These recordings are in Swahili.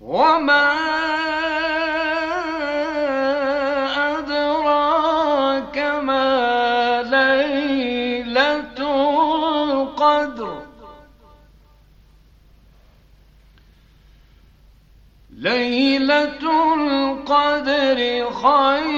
وما أدراك ما ليلة القدر ليلة القدر خير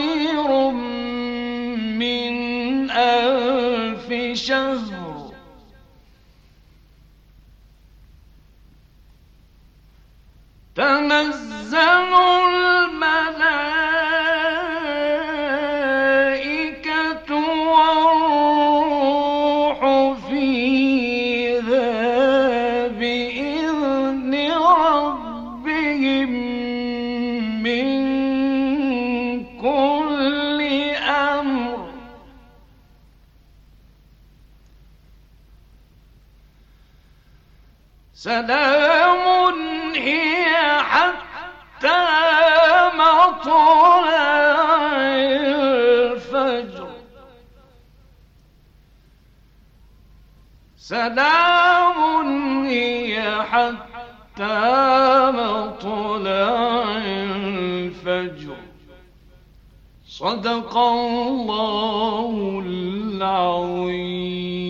سلام هي حتى مطلع الفجر سلام هي حتى مطلع الفجر صدق الله العظيم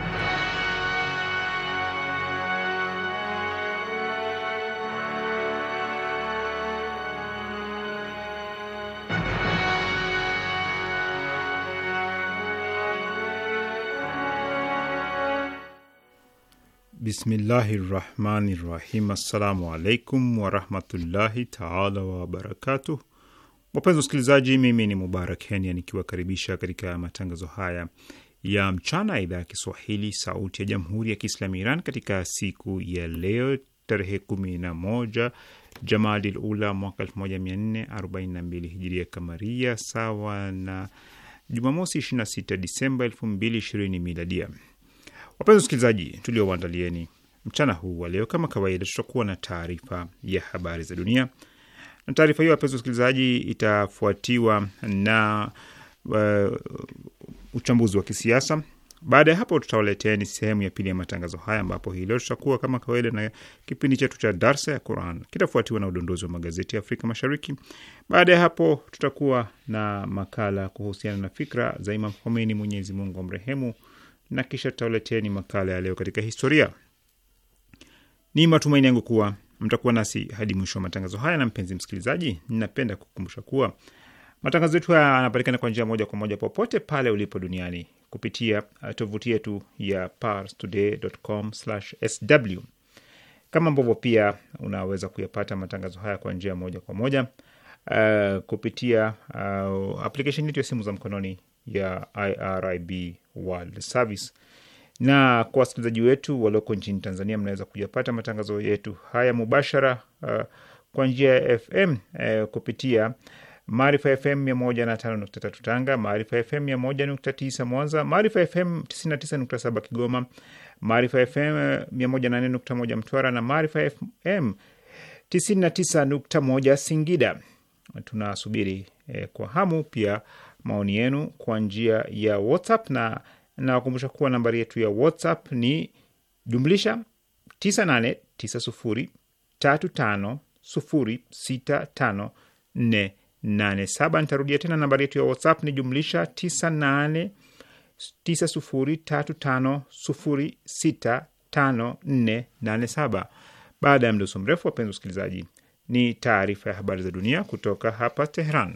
Bismillahi rahmani rahim. Assalamu alaikum warahmatullahi taala wabarakatuh. Wapenzi wasikilizaji, mimi ni Mubarak Kenya nikiwakaribisha katika matangazo haya ya mchana ya idhaa ya Kiswahili sauti ya jamhuri ya Kiislamu Iran katika siku ya leo tarehe 11 Jamadil Ula mwaka 1442 hijiria kamaria, sawa na Jumamosi 26 Disemba 2020 miladia. Wapenzi wasikilizaji, tuliowaandalieni mchana huu wa leo, kama kawaida, tutakuwa na taarifa ya habari za dunia, na taarifa hiyo wapenzi wasikilizaji, itafuatiwa na uh, uchambuzi wa kisiasa. Baada ya hapo, tutawaleteni sehemu ya pili ya matangazo haya, ambapo hii leo tutakuwa kama kawaida na kipindi chetu cha darsa ya Quran, kitafuatiwa na udondozi wa magazeti ya Afrika Mashariki. Baada ya hapo, tutakuwa na makala kuhusiana na fikra za Imam Khomeini, Mwenyezi Mungu amrehemu na kisha tutawaleteni makala ya leo katika historia. Ni matumaini yangu kuwa mtakuwa nasi hadi mwisho wa matangazo haya. Na mpenzi msikilizaji, ninapenda kukumbusha kuwa matangazo yetu haya yanapatikana kwa njia moja kwa moja popote pale ulipo duniani kupitia uh, tovuti yetu ya parstoday.com/sw, kama ambavyo pia unaweza kuyapata matangazo haya kwa njia moja kwa moja uh, kupitia uh, application yetu ya simu za mkononi ya IRIB World Service. Na kwa wasikilizaji wetu walioko nchini Tanzania, mnaweza kujapata matangazo yetu haya mubashara uh, kwa njia ya FM uh, kupitia Maarifa FM 105.3 Tanga, Maarifa FM 101.9 Mwanza, Maarifa FM 99.7 Kigoma, Maarifa FM 108.1 uh, Mtwara na Maarifa FM 99.1 Singida. Tunasubiri eh, kwa hamu pia maoni yenu kwa njia ya WhatsApp na nawakumbusha kuwa nambari yetu ya WhatsApp ni jumlisha 989035065487. Nitarudia tena nambari yetu ya WhatsApp ni jumlisha 989035065487. Baada ya mdoso mrefu, wapenzi wasikilizaji, ni taarifa ya habari za dunia kutoka hapa teheran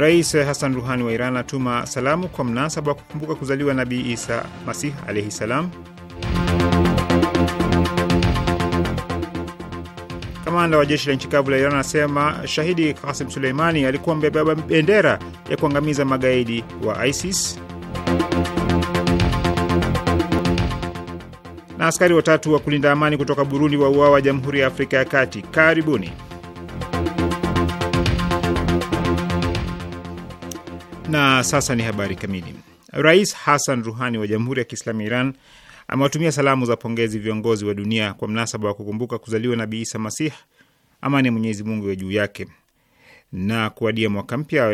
Rais Hassan Ruhani wa Iran atuma salamu kwa mnasaba wa kukumbuka kuzaliwa Nabii Isa Masih alaihi salam. Kamanda wa jeshi la nchi kavu la Iran anasema shahidi Kasim Suleimani alikuwa mbeba bendera ya kuangamiza magaidi wa ISIS. Na askari watatu wa kulinda amani kutoka Burundi wauawa Jamhuri ya Afrika ya Kati. Karibuni. Na sasa ni habari kamili. Rais Hassan Ruhani wa Jamhuri ya Kiislamu ya Iran amewatumia salamu za pongezi viongozi wa dunia kwa mnasaba wa kukumbuka kuzaliwa Nabii Isa Masih, amani ya Mwenyezi Mungu ya juu yake na kuadia mwaka mpya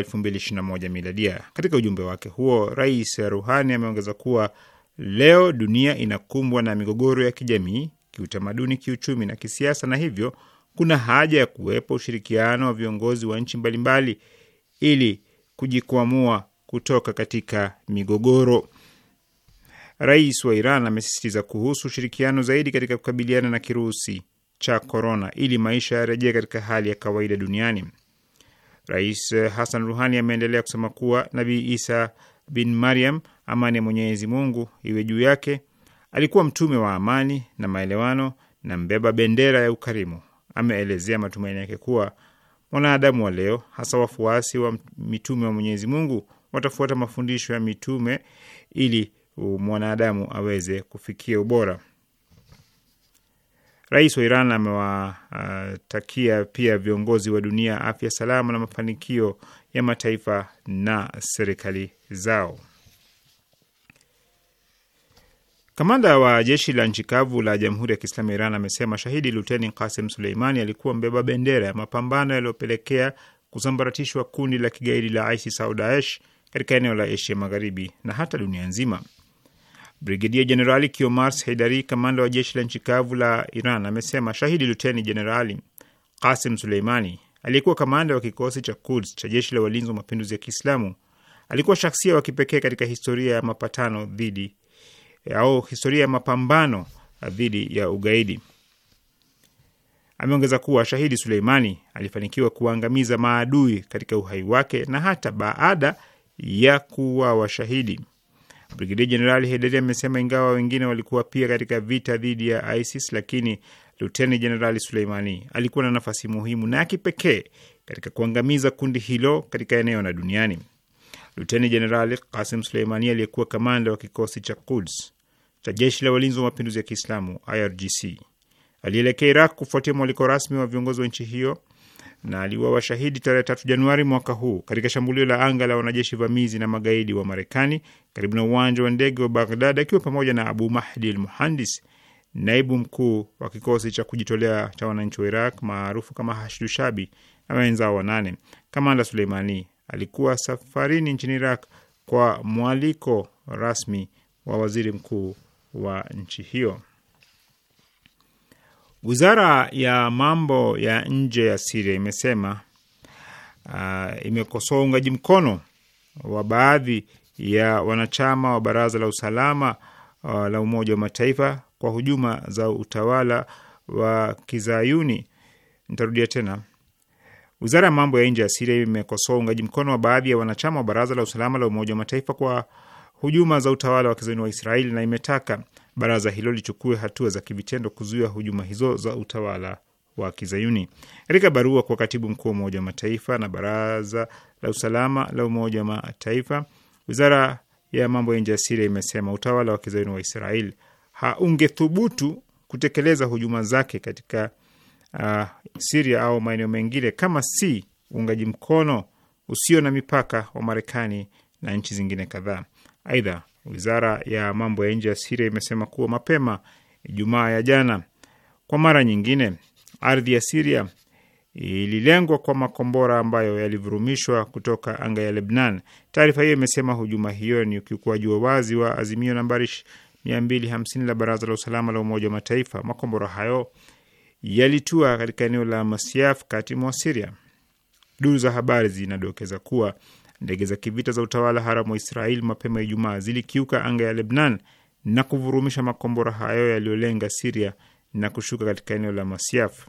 wa moja miladia. Katika ujumbe wake huo, Rais Ruhani ameongeza kuwa leo dunia inakumbwa na migogoro ya kijamii, kiutamaduni, kiuchumi na kisiasa, na hivyo kuna haja ya kuwepo ushirikiano wa viongozi wa nchi mbalimbali ili kujikwamua kutoka katika migogoro. Rais wa Iran amesisitiza kuhusu ushirikiano zaidi katika kukabiliana na kirusi cha korona ili maisha yarejee katika hali ya kawaida duniani. Rais Hassan Ruhani ameendelea kusema kuwa Nabii Isa bin Mariam, amani ya Mwenyezi Mungu iwe juu yake, alikuwa mtume wa amani na maelewano na mbeba bendera ya ukarimu. Ameelezea matumaini yake kuwa Wanadamu wa leo, hasa wafuasi wa mitume wa Mwenyezi Mungu, watafuata mafundisho ya mitume ili mwanadamu aweze kufikia ubora. Rais wa Iran amewatakia pia viongozi wa dunia afya salama na mafanikio ya mataifa na serikali zao. Kamanda wa jeshi la nchi kavu la Jamhuri ya Kiislamu ya Iran amesema shahidi Luteni Kasim Suleimani alikuwa mbeba bendera ya mapambano yaliyopelekea kusambaratishwa kundi la kigaidi la ISIS au Daesh katika eneo la Asia Magharibi na hata dunia nzima. Brigedia Jenerali Kiomars Heidari, kamanda wa jeshi la nchi kavu la Iran, amesema shahidi Luteni Jenerali Kasim Suleimani aliyekuwa kamanda wa kikosi cha Kuds cha jeshi la walinzi wa mapinduzi ya Kiislamu alikuwa shaksia wa kipekee katika historia ya mapatano dhidi au historia ya mapambano dhidi ya ugaidi. Ameongeza kuwa shahidi Suleimani alifanikiwa kuwaangamiza maadui katika uhai wake na hata baada ya kuwa washahidi. Brigedia Jenerali Hederi amesema ingawa wengine walikuwa pia katika vita dhidi ya ISIS, lakini Luteni Jenerali Suleimani alikuwa na nafasi muhimu na ya kipekee katika kuangamiza kundi hilo katika eneo na duniani. Luteni Jenerali Kasim Suleimani aliyekuwa kamanda wa kikosi cha Quds cha jeshi la walinzi wa mapinduzi ya Kiislamu IRGC alielekea Iraq kufuatia mwaliko rasmi wa viongozi wa nchi hiyo na aliwa washahidi tarehe tatu Januari mwaka huu katika shambulio la anga la wanajeshi vamizi na magaidi wa Marekani karibu na uwanja wa ndege wa Baghdad akiwa pamoja na Abu Mahdi al Muhandis, naibu mkuu wa kikosi cha kujitolea cha wananchi wa Iraq maarufu kama Shabi na wenzao wanane. Kamanda Suleimani alikuwa safarini nchini Iraq kwa mwaliko rasmi wa waziri mkuu wa nchi hiyo. Wizara ya mambo ya nje ya Siria imesema uh, imekosoa uungaji mkono wa baadhi ya wanachama wa Baraza la Usalama uh, la Umoja wa Mataifa kwa hujuma za utawala wa Kizayuni. Nitarudia tena, wizara ya mambo ya nje ya Siria imekosoa uungaji mkono wa baadhi ya wanachama wa Baraza la Usalama la Umoja wa Mataifa kwa hujuma za utawala wa kizayuni wa Israeli na imetaka baraza hilo lichukue hatua za kivitendo kuzuia hujuma hizo za utawala wa kizayuni. Katika barua kwa katibu mkuu wa Umoja wa Mataifa na Baraza la Usalama la Umoja wa Mataifa, wizara ya mambo ya nje ya Siria imesema utawala wa kizayuni wa Israeli haungethubutu kutekeleza hujuma zake katika uh, Siria au maeneo mengine kama si uungaji mkono usio na mipaka wa Marekani na nchi zingine kadhaa. Aidha, wizara ya mambo ya nje ya Siria imesema kuwa mapema Ijumaa ya jana, kwa mara nyingine, ardhi ya Siria ililengwa kwa makombora ambayo yalivurumishwa kutoka anga ya Lebnan. Taarifa hiyo imesema hujuma hiyo ni ukiukuaji wa wazi wa azimio nambari 250 la Baraza la Usalama la Umoja wa Mataifa. Makombora hayo yalitua katika eneo la masiaf kati mwa Siria. Duru za habari zinadokeza kuwa ndege za kivita za utawala haramu wa Israel mapema Ijumaa zilikiuka anga ya Lebnan na kuvurumisha makombora hayo yaliyolenga Siria na kushuka katika eneo la Masiaf.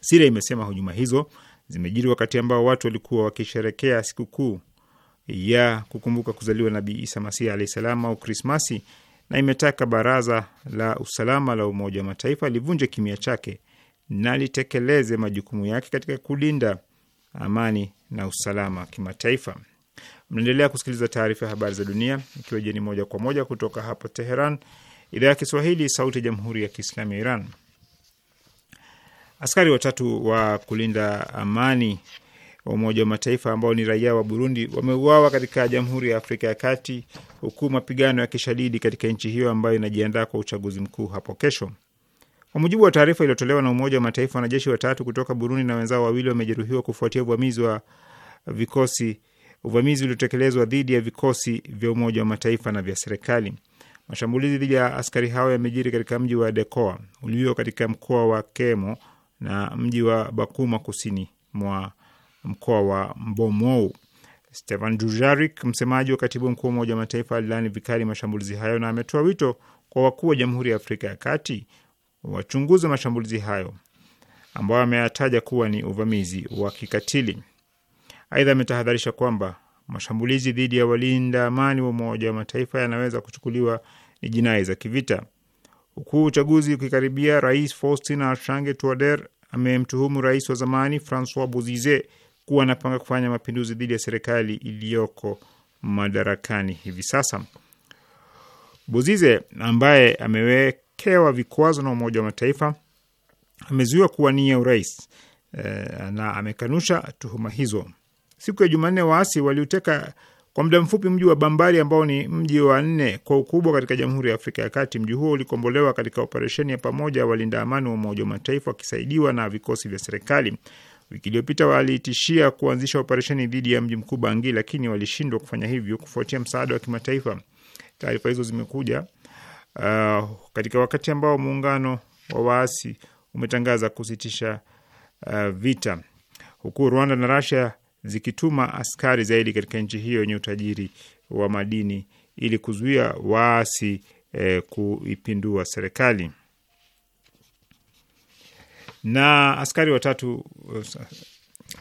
Siria imesema hujuma hizo zimejiri wakati ambao watu walikuwa wakisherekea sikukuu ya kukumbuka kuzaliwa Nabii Isa Masihi alahi salam au Krismasi, na imetaka Baraza la Usalama la Umoja wa Mataifa livunje kimya chake na litekeleze majukumu yake katika kulinda amani na usalama kimataifa. Mnaendelea kusikiliza taarifa ya habari za dunia, ikiwa jeni moja kwa moja kutoka hapa Teheran, idhaa ya Kiswahili, sauti ya jamhuri ya kiislamu ya Iran. Askari watatu wa kulinda amani wa Umoja wa Mataifa ambao ni raia wa Burundi wameuawa katika Jamhuri ya Afrika ya Kati, huku mapigano yakishadidi katika nchi hiyo ambayo inajiandaa kwa uchaguzi mkuu hapo kesho. Kwa mujibu wa taarifa iliyotolewa na Umoja wa Mataifa, wanajeshi watatu kutoka Burundi na wenzao wawili wamejeruhiwa kufuatia uvamizi wa vikosi uvamizi uliotekelezwa dhidi ya vikosi vya Umoja wa Mataifa na vya serikali. Mashambulizi dhidi ya askari hao yamejiri katika mji wa Dekoa ulio katika mkoa wa Kemo na mji wa Bakuma kusini mwa mkoa wa Mbomou. Stefan Dujarik, msemaji wa katibu mkuu wa Umoja wa Mataifa, alilani vikali mashambulizi hayo na ametoa wito kwa wakuu wa Jamhuri ya Afrika ya Kati wa mashambulizi hayo ambayo ameyataja kuwa ni uvamizi wa kikatili. Aidha, ametahadharisha kwamba mashambulizi dhidi ya walinda amani wa Umoja wa Mataifa yanaweza kuchukuliwa ni jinai za kivita. Huku uchaguzi ukikaribia, Rais Faustin Archange Touadera amemtuhumu rais wa zamani Francois Bozize kuwa anapanga kufanya mapinduzi dhidi ya serikali iliyoko madarakani hivi sasa. Bozize ambaye ameweka amewekewa vikwazo na Umoja wa Mataifa, amezuiwa kuwania urais eh, na amekanusha tuhuma hizo. Siku ya Jumanne, waasi waliuteka kwa muda mfupi mji wa Bambari ambao ni mji wa nne kwa ukubwa katika Jamhuri ya Afrika ya Kati. Mji huo ulikombolewa katika operesheni ya pamoja walinda amani wa Umoja wa Mataifa wakisaidiwa na vikosi vya serikali. Wiki iliyopita walitishia kuanzisha operesheni dhidi ya mji mkuu Bangi, lakini walishindwa kufanya hivyo kufuatia msaada wa kimataifa. Taarifa hizo zimekuja uh, katika wakati ambao muungano wa waasi umetangaza kusitisha uh, vita, huku Rwanda na Russia zikituma askari zaidi katika nchi hiyo yenye utajiri wa madini ili kuzuia waasi eh, kuipindua serikali. Na askari watatu uh,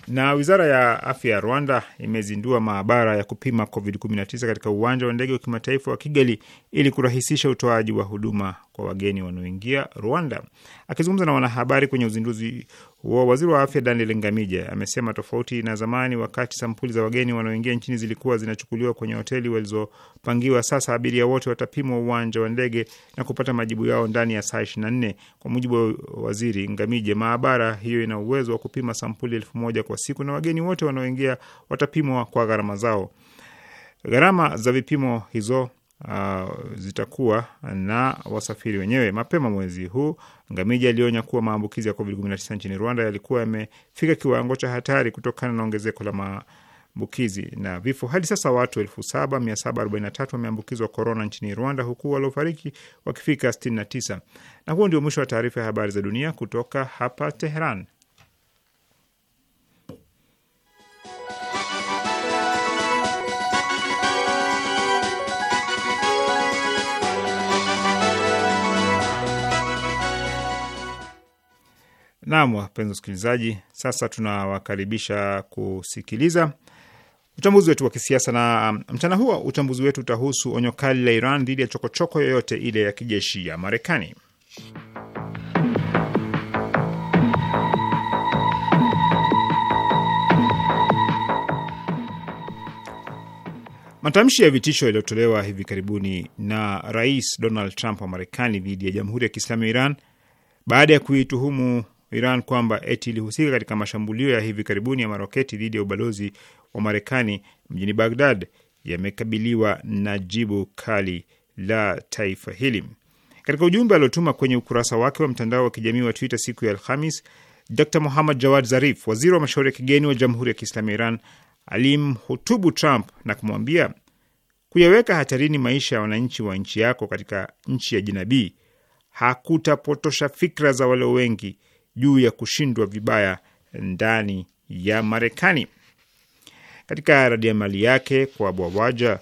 na wizara ya afya ya Rwanda imezindua maabara ya kupima COVID-19 katika uwanja wa ndege wa kimataifa wa Kigali ili kurahisisha utoaji wa huduma kwa wageni wanaoingia Rwanda. Akizungumza na wanahabari kwenye uzinduzi huo, waziri wa afya Daniel Ngamija amesema tofauti na zamani, wakati sampuli za wageni wanaoingia nchini zilikuwa zinachukuliwa kwenye hoteli walizopangiwa, sasa abiria wote watapimwa uwanja wa ndege na kupata majibu yao ndani ya saa nne. Kwa mujibu wa waziri Ngamije, maabara hiyo ina uwezo wa kupima sampuli elfu moja kwa siku na wageni wote wanaoingia watapimwa kwa gharama zao. Gharama za vipimo hizo uh, zitakuwa na wasafiri wenyewe. Mapema mwezi huu Ngamija alionya kuwa maambukizi ya COVID-19 nchini Rwanda yalikuwa yamefika kiwango cha hatari kutokana na ongezeko la maambukizi na vifo. Hadi sasa watu 7743 wameambukizwa korona nchini Rwanda, huku waliofariki wakifika 69. Na huo ndio mwisho wa taarifa ya habari za dunia kutoka hapa Teheran. Naam, wapenzi wasikilizaji, sasa tunawakaribisha kusikiliza uchambuzi wetu wa kisiasa na um, mchana huo uchambuzi wetu utahusu onyo kali la Iran dhidi ya chokochoko yoyote ile ya kijeshi ya Marekani. Matamshi ya vitisho yaliyotolewa hivi karibuni na Rais Donald Trump wa Marekani dhidi ya Jamhuri ya Kiislamu ya Iran baada ya kuituhumu Iran kwamba eti ilihusika katika mashambulio ya hivi karibuni ya maroketi dhidi ya ubalozi wa Marekani mjini Baghdad yamekabiliwa na jibu kali la taifa hili. Katika ujumbe aliotuma kwenye ukurasa wake wa mtandao wa kijamii wa Twitter siku ya Alhamis, Dr Muhammad Jawad Zarif, waziri wa mashauri ya kigeni wa Jamhuri ya Kiislamu ya Iran, alimhutubu Trump na kumwambia kuyaweka hatarini maisha ya wananchi wa nchi yako katika nchi ya jinabii hakutapotosha fikra za walio wengi juu ya kushindwa vibaya ndani ya Marekani. Katika radia mali yake kwa bwawaja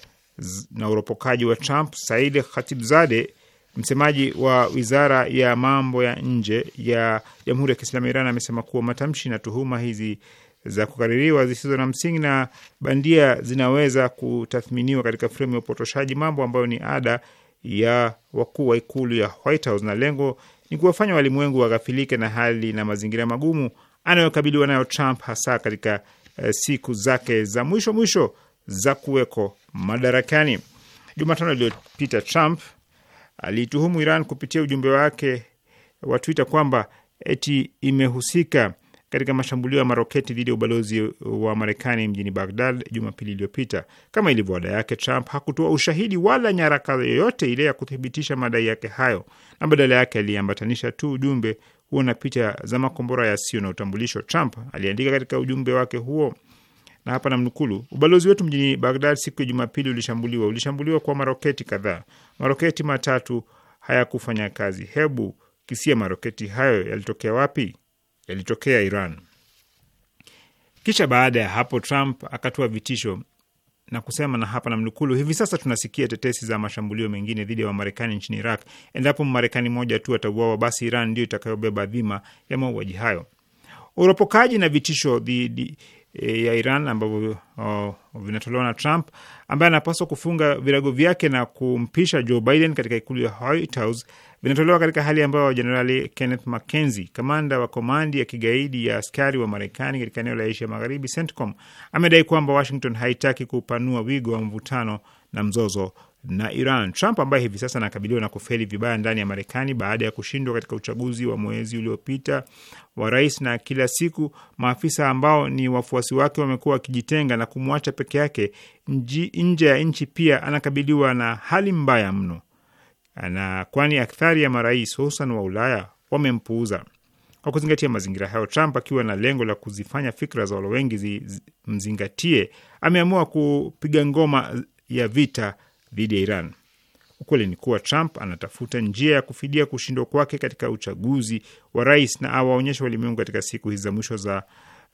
na uropokaji wa Trump, Said Khatibzade, msemaji wa wizara ya mambo ya nje ya Jamhuri ya Kiislamu ya Iran, amesema kuwa matamshi na tuhuma hizi za kukaririwa zisizo na msingi na bandia zinaweza kutathminiwa katika fremu ya upotoshaji mambo ambayo ni ada ya wakuu wa ikulu ya White House na lengo ni kuwafanya walimwengu waghafilike na hali na mazingira magumu anayokabiliwa nayo Trump, hasa katika uh, siku zake za mwisho mwisho za kuweko madarakani. Jumatano iliyopita Trump aliituhumu Iran kupitia ujumbe wake wa Twitter kwamba eti imehusika katika mashambulio ya maroketi dhidi ya ubalozi wa Marekani mjini Bagdad Jumapili iliyopita. Kama ilivyo ada yake, Trump hakutoa ushahidi wala nyaraka yoyote ile ya kuthibitisha madai yake hayo, na badala yake aliambatanisha tu ujumbe huo na picha za makombora yasiyo na utambulisho. Trump aliandika katika ujumbe wake huo na hapa namnukulu: ubalozi wetu mjini Bagdad siku ya Jumapili ulishambuliwa. Ulishambuliwa kwa maroketi kadhaa. Maroketi matatu hayakufanya kazi. Hebu kisia maroketi hayo yalitokea wapi? yalitokea Iran. Kisha baada ya hapo, Trump akatoa vitisho na kusema, na hapa namnukulu: hivi sasa tunasikia tetesi za mashambulio mengine dhidi ya Wamarekani nchini Iraq. Endapo Mmarekani mmoja tu atauawa, basi Iran ndio itakayobeba dhima ya mauaji hayo. Uropokaji na vitisho dhidi Eh, ya Iran ambavyo oh, vinatolewa na Trump ambaye anapaswa kufunga virago vyake na kumpisha Joe Biden katika ikulu ya White House vinatolewa katika hali ambayo Jenerali Kenneth McKenzie, kamanda wa komandi ya kigaidi ya askari wa Marekani katika eneo la Asia Magharibi, CENTCOM, amedai kwamba Washington haitaki kupanua wigo wa mvutano na mzozo na Iran. Trump ambaye hivi sasa anakabiliwa na kufeli vibaya ndani ya Marekani baada ya kushindwa katika uchaguzi wa mwezi uliopita wa rais, na kila siku maafisa ambao ni wafuasi wake wamekuwa wakijitenga na kumwacha peke yake nje ya nchi, pia anakabiliwa na hali mbaya mno, na kwani akthari ya marais hususan wa Ulaya wamempuuza. Kwa kuzingatia mazingira hayo, Trump akiwa na lengo la kuzifanya fikra za walo wengi zimzingatie, ameamua kupiga ngoma ya vita dhidi ya Iran. Ukweli ni kuwa Trump anatafuta njia ya kufidia kushindwa kwake katika uchaguzi wa rais na awaonyesha walimwengu katika siku hizi za mwisho za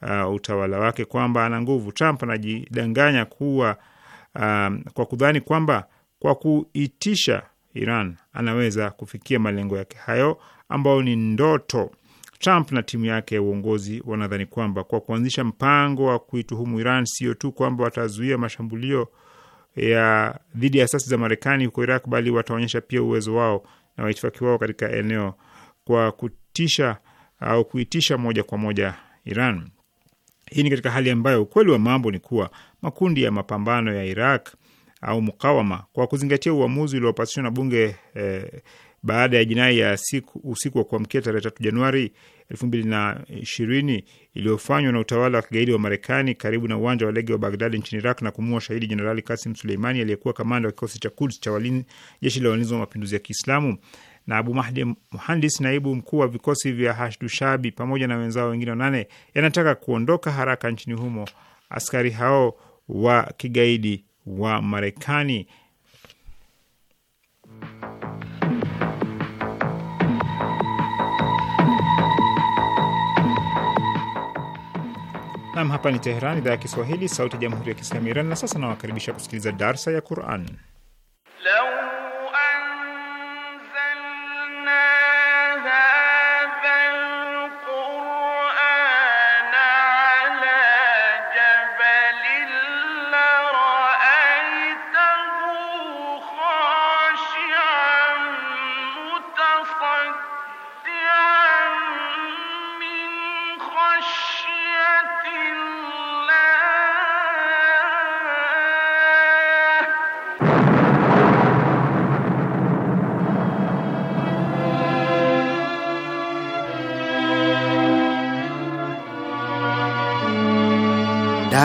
uh, utawala wake kwamba ana nguvu. Trump anajidanganya kuwa um, kwa kudhani kwamba kwa kuitisha Iran anaweza kufikia malengo yake hayo ambayo ni ndoto. Trump na timu yake ya uongozi wanadhani kwamba kwa kuanzisha mpango wa kuituhumu Iran, sio tu kwamba watazuia mashambulio ya dhidi ya asasi za Marekani huko Iraq, bali wataonyesha pia uwezo wao na waitifaki wao katika eneo kwa kutisha au kuitisha moja kwa moja Iran. Hii ni katika hali ambayo ukweli wa mambo ni kuwa makundi ya mapambano ya Iraq au mukawama, kwa kuzingatia uamuzi uliopasishwa na bunge eh, baada ya jinai ya siku, usiku wa kuamkia tarehe 3 Januari elfu mbili na ishirini iliyofanywa na utawala wa kigaidi wa Marekani karibu na uwanja wa ndege wa Bagdadi nchini Iraq na kumua shahidi Jenerali Kasim Suleimani aliyekuwa kamanda wa kikosi cha Kuds cha walinzi jeshi la walinzi wa mapinduzi ya Kiislamu na Abu Mahdi Muhandis, naibu mkuu wa vikosi vya Hashdushabi pamoja na wenzao wengine wanane, yanataka kuondoka haraka nchini humo askari hao wa kigaidi wa Marekani. nam hapa ni Teheran, idhaa ya Kiswahili, sauti ya jamhuri ya kiislamu Iran. Na sasa nawakaribisha kusikiliza darsa ya Quran.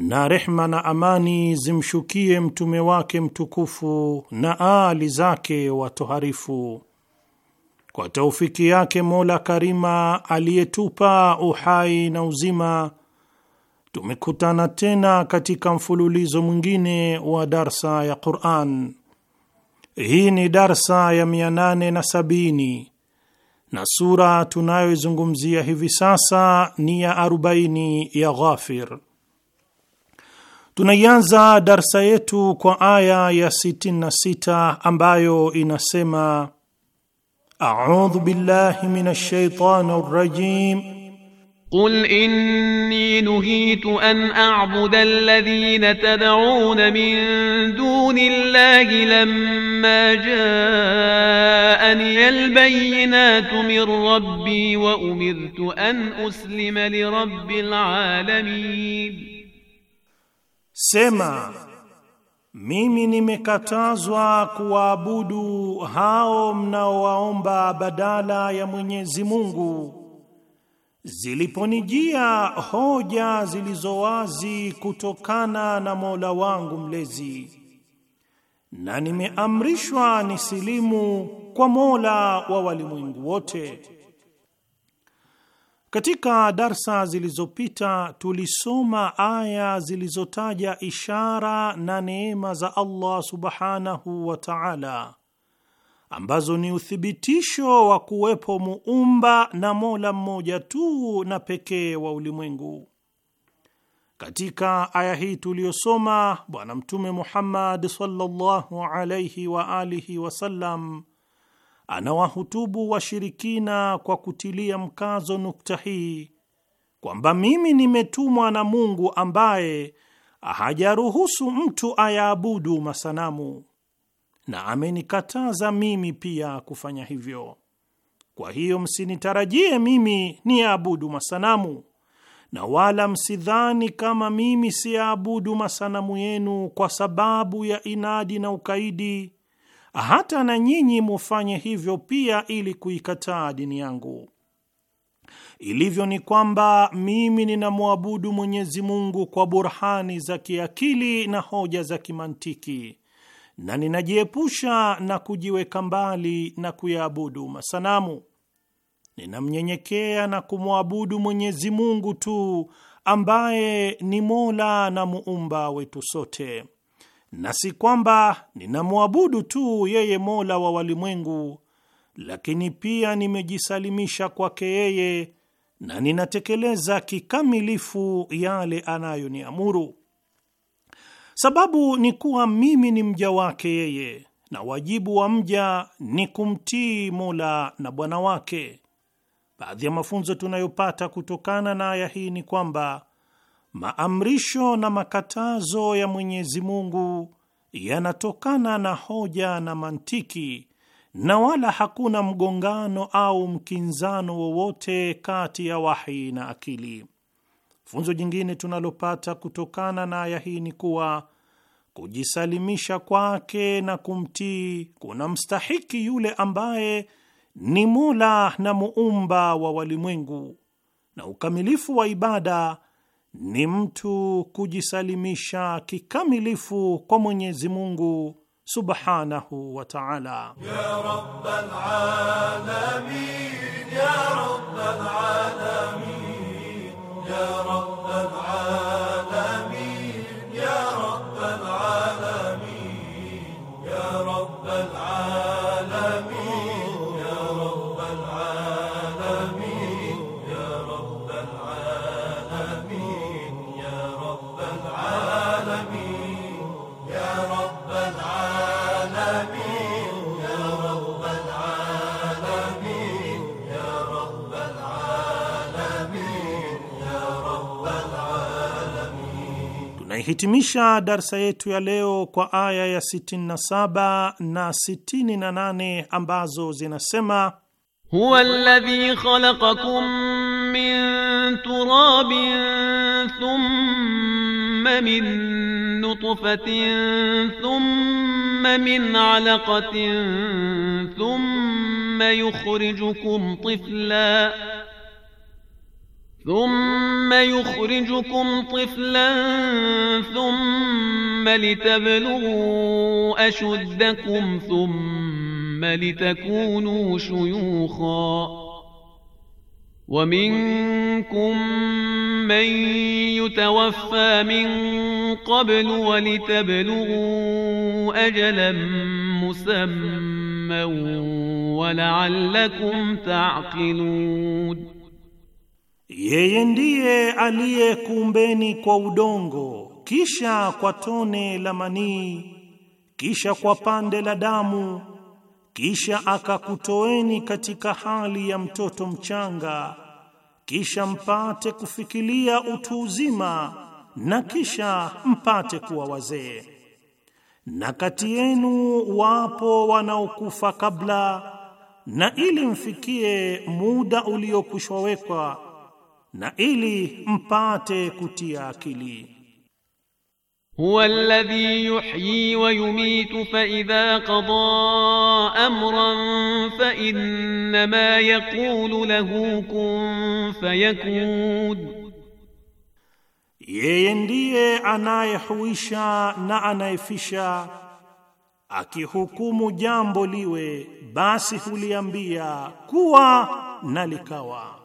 na rehma na amani zimshukie mtume wake mtukufu na aali zake watoharifu. Kwa taufiki yake Mola Karima aliyetupa uhai na uzima, tumekutana tena katika mfululizo mwingine wa darsa ya Quran. Hii ni darsa ya 870 na sura tunayoizungumzia hivi sasa ni ya 40 ya Ghafir. Tunaianza darsa yetu kwa aya ya 66 ambayo inasema: audhu billahi minash shaitani rrajim qul inni nuhitu an a'buda alladhina tad'un min duni llahi lamma ja'ani albayyinatu min rabbi wa umirtu an uslima li lirabbil alamin Sema, mimi nimekatazwa kuwaabudu hao mnaowaomba badala ya Mwenyezi Mungu. Ziliponijia hoja zilizo wazi kutokana na Mola wangu mlezi, na nimeamrishwa nisilimu kwa Mola wa walimwengu wote. Katika darsa zilizopita tulisoma aya zilizotaja ishara na neema za Allah subhanahu wa ta'ala ambazo ni uthibitisho wa kuwepo muumba na mola mmoja tu na pekee wa ulimwengu. Katika aya hii tuliyosoma, Bwana Mtume Muhammad sallallahu alayhi wa alihi wasallam anawahutubu washirikina kwa kutilia mkazo nukta hii kwamba mimi nimetumwa na Mungu ambaye hajaruhusu mtu ayaabudu masanamu na amenikataza mimi pia kufanya hivyo. Kwa hiyo msinitarajie mimi niyaabudu masanamu, na wala msidhani kama mimi siyaabudu masanamu yenu kwa sababu ya inadi na ukaidi hata na nyinyi mufanye hivyo pia, ili kuikataa dini yangu. Ilivyo ni kwamba mimi ninamwabudu Mwenyezi Mungu kwa burhani za kiakili na hoja za kimantiki, na ninajiepusha na kujiweka mbali na kuyaabudu masanamu. Ninamnyenyekea na kumwabudu Mwenyezi Mungu tu ambaye ni Mola na muumba wetu sote na si kwamba ninamwabudu tu yeye Mola wa walimwengu, lakini pia nimejisalimisha kwake yeye na ninatekeleza kikamilifu yale anayoniamuru. Sababu ni kuwa mimi ni mja wake yeye, na wajibu wa mja ni kumtii Mola na bwana wake. Baadhi ya mafunzo tunayopata kutokana na aya hii ni kwamba maamrisho na makatazo ya Mwenyezi Mungu yanatokana na hoja na mantiki na wala hakuna mgongano au mkinzano wowote kati ya wahi na akili. Funzo jingine tunalopata kutokana na aya hii ni kuwa kujisalimisha kwake na kumtii kuna mstahiki yule ambaye ni Mola na muumba wa walimwengu, na ukamilifu wa ibada ni mtu kujisalimisha kikamilifu kwa Mwenyezi Mungu subhanahu wa ta'ala ya rabbal alamin Tunahitimisha darsa yetu ya leo kwa aya ya 67 na 68 ambazo zinasema: huwa alladhi khalaqakum min turabin thumma min nutfatin thumma min alaqatin thumma yukhrijukum tiflan ثم يخرجكم طفلا ثم لتبلغوا أشدكم ثم لتكونوا شيوخا ومنكم من يتوفى من قبل ولتبلغوا أجلا مسمى ولعلكم تعقلون Yeye ndiye aliyekuumbeni kwa udongo, kisha kwa tone la manii, kisha kwa pande la damu, kisha akakutoeni katika hali ya mtoto mchanga, kisha mpate kufikilia utu uzima, na kisha mpate kuwa wazee. Na kati yenu wapo wanaokufa kabla, na ili mfikie muda uliokushawekwa na ili mpate kutia akili. Huwa alladhi yuhyi wa yumitu fa idha qada amran fa ma yaqulu lahu kun fayakun, yeye ndiye anayehuisha na anayefisha, akihukumu jambo liwe, basi huliambia kuwa na likawa.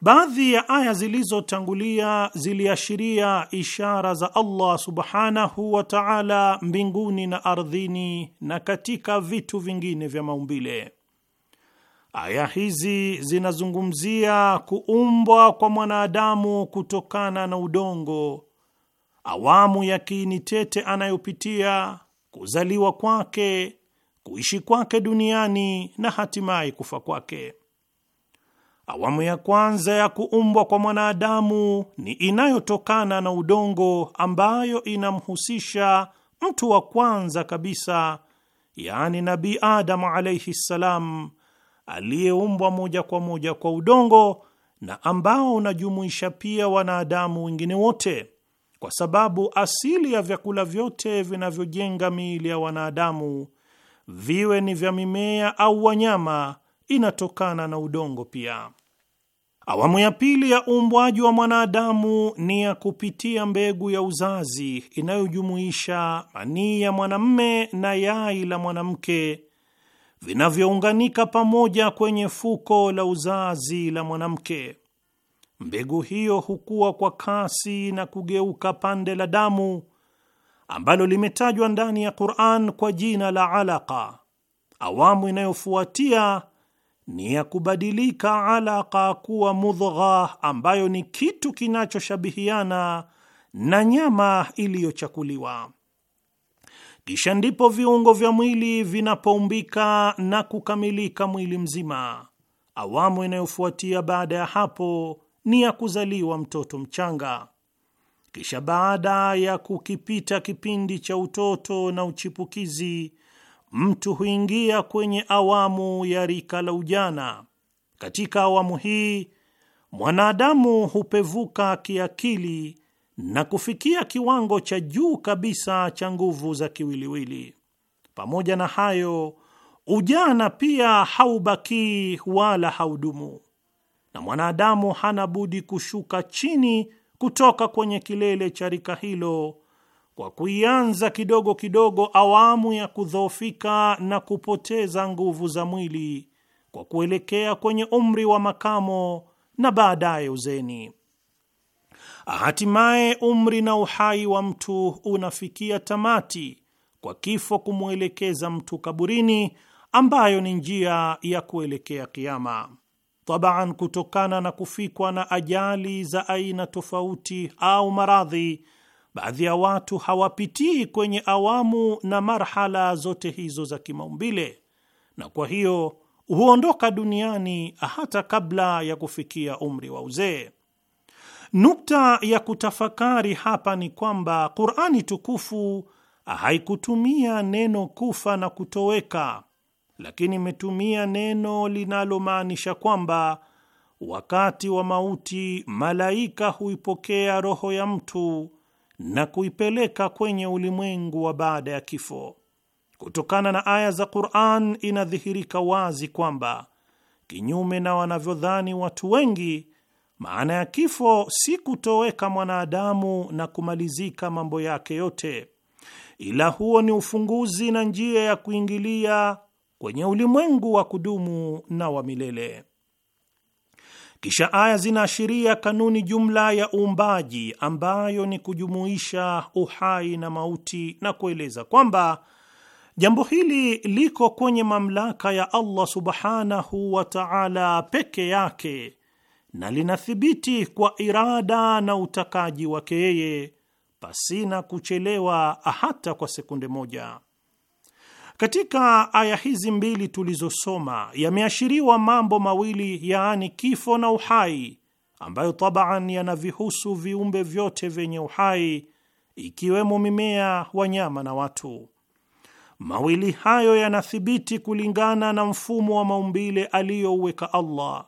Baadhi ya aya zilizotangulia ziliashiria ishara za Allah subhanahu wa ta'ala mbinguni na ardhini na katika vitu vingine vya maumbile. Aya hizi zinazungumzia kuumbwa kwa mwanadamu kutokana na udongo, awamu ya kiini tete anayopitia, kuzaliwa kwake, kuishi kwake duniani na hatimaye kufa kwake. Awamu ya kwanza ya kuumbwa kwa mwanadamu ni inayotokana na udongo ambayo inamhusisha mtu wa kwanza kabisa, yaani nabi Adamu alaihi ssalam, aliyeumbwa moja kwa moja kwa udongo na ambao unajumuisha pia wanadamu wengine wote, kwa sababu asili ya vyakula vyote vinavyojenga miili ya wanadamu, viwe ni vya mimea au wanyama, inatokana na udongo pia. Awamu ya pili ya uumbwaji wa mwanadamu ni ya kupitia mbegu ya uzazi inayojumuisha manii ya mwanamme na yai la mwanamke vinavyounganika pamoja kwenye fuko la uzazi la mwanamke. Mbegu hiyo hukua kwa kasi na kugeuka pande la damu ambalo limetajwa ndani ya Qur'an kwa jina la alaka. Awamu inayofuatia ni ya kubadilika alaka kuwa mudgha, ambayo ni kitu kinachoshabihiana na nyama iliyochakuliwa. Kisha ndipo viungo vya mwili vinapoumbika na kukamilika mwili mzima. Awamu inayofuatia baada ya hapo ni ya kuzaliwa mtoto mchanga. Kisha baada ya kukipita kipindi cha utoto na uchipukizi mtu huingia kwenye awamu ya rika la ujana. Katika awamu hii mwanadamu hupevuka kiakili na kufikia kiwango cha juu kabisa cha nguvu za kiwiliwili. Pamoja na hayo, ujana pia haubakii wala haudumu, na mwanadamu hana budi kushuka chini kutoka kwenye kilele cha rika hilo kwa kuianza kidogo kidogo awamu ya kudhoofika na kupoteza nguvu za mwili kwa kuelekea kwenye umri wa makamo na baadaye uzeni. Hatimaye umri na uhai wa mtu unafikia tamati kwa kifo kumwelekeza mtu kaburini, ambayo ni njia ya kuelekea kiama. Tabaan, kutokana na kufikwa na ajali za aina tofauti au maradhi Baadhi ya watu hawapitii kwenye awamu na marhala zote hizo za kimaumbile, na kwa hiyo huondoka duniani hata kabla ya kufikia umri wa uzee. Nukta ya kutafakari hapa ni kwamba Qur'ani tukufu haikutumia neno kufa na kutoweka, lakini imetumia neno linalomaanisha kwamba wakati wa mauti malaika huipokea roho ya mtu na kuipeleka kwenye ulimwengu wa baada ya kifo. Kutokana na aya za Qur'an inadhihirika wazi kwamba kinyume na wanavyodhani watu wengi, maana ya kifo si kutoweka mwanadamu na kumalizika mambo yake yote, ila huo ni ufunguzi na njia ya kuingilia kwenye ulimwengu wa kudumu na wa milele. Kisha aya zinaashiria kanuni jumla ya uumbaji ambayo ni kujumuisha uhai na mauti, na kueleza kwamba jambo hili liko kwenye mamlaka ya Allah subhanahu wa ta'ala peke yake na linathibiti kwa irada na utakaji wake yeye, pasina kuchelewa hata kwa sekunde moja. Katika aya hizi mbili tulizosoma yameashiriwa mambo mawili, yaani kifo na uhai, ambayo tabaan yanavihusu viumbe vyote vyenye uhai, ikiwemo mimea, wanyama na watu. Mawili hayo yanathibiti kulingana na mfumo wa maumbile aliyouweka Allah,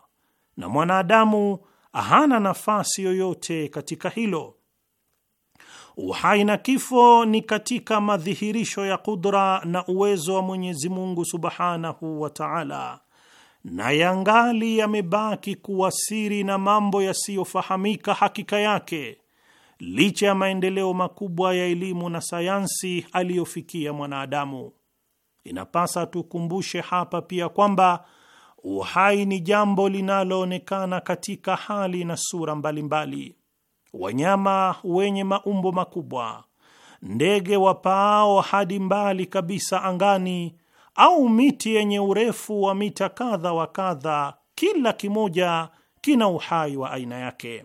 na mwanadamu hana nafasi yoyote katika hilo. Uhai na kifo ni katika madhihirisho ya kudra na uwezo wa Mwenyezi Mungu subhanahu wa taala, na yangali yamebaki kuwa siri na mambo yasiyofahamika hakika yake, licha ya maendeleo makubwa ya elimu na sayansi aliyofikia mwanadamu. Inapasa tukumbushe hapa pia kwamba uhai ni jambo linaloonekana katika hali na sura mbalimbali mbali wanyama wenye maumbo makubwa, ndege wapaao hadi mbali kabisa angani, au miti yenye urefu wa mita kadha wa kadha, kila kimoja kina uhai wa aina yake.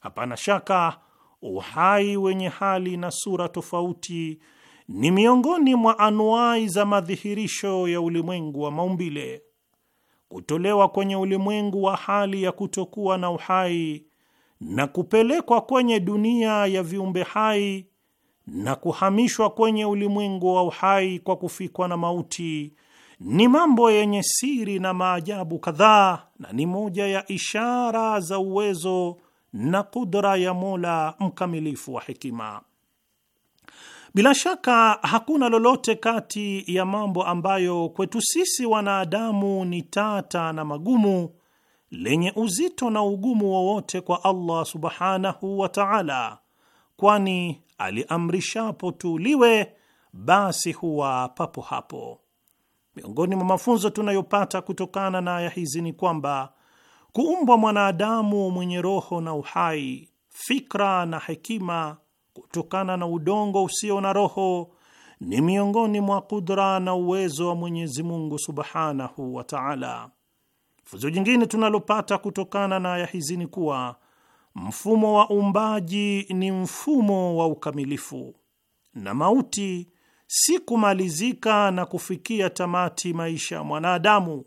Hapana shaka uhai wenye hali na sura tofauti ni miongoni mwa anuai za madhihirisho ya ulimwengu wa maumbile. Kutolewa kwenye ulimwengu wa hali ya kutokuwa na uhai na kupelekwa kwenye dunia ya viumbe hai na kuhamishwa kwenye ulimwengu wa uhai kwa kufikwa na mauti ni mambo yenye siri na maajabu kadhaa, na ni moja ya ishara za uwezo na kudra ya Mola mkamilifu wa hekima. Bila shaka hakuna lolote kati ya mambo ambayo kwetu sisi wanadamu ni tata na magumu lenye uzito na ugumu wowote kwa Allah subhanahu wa ta'ala, kwani aliamrishapo tuliwe basi huwa papo hapo. Miongoni mwa mafunzo tunayopata kutokana na aya hizi ni kwamba kuumbwa mwanadamu mwenye roho na uhai, fikra na hekima kutokana na udongo usio na roho ni miongoni mwa kudra na uwezo wa Mwenyezi Mungu subhanahu wa ta'ala. Funzo jingine tunalopata kutokana na aya hizi ni kuwa mfumo wa uumbaji ni mfumo wa ukamilifu, na mauti si kumalizika na kufikia tamati maisha ya mwanadamu,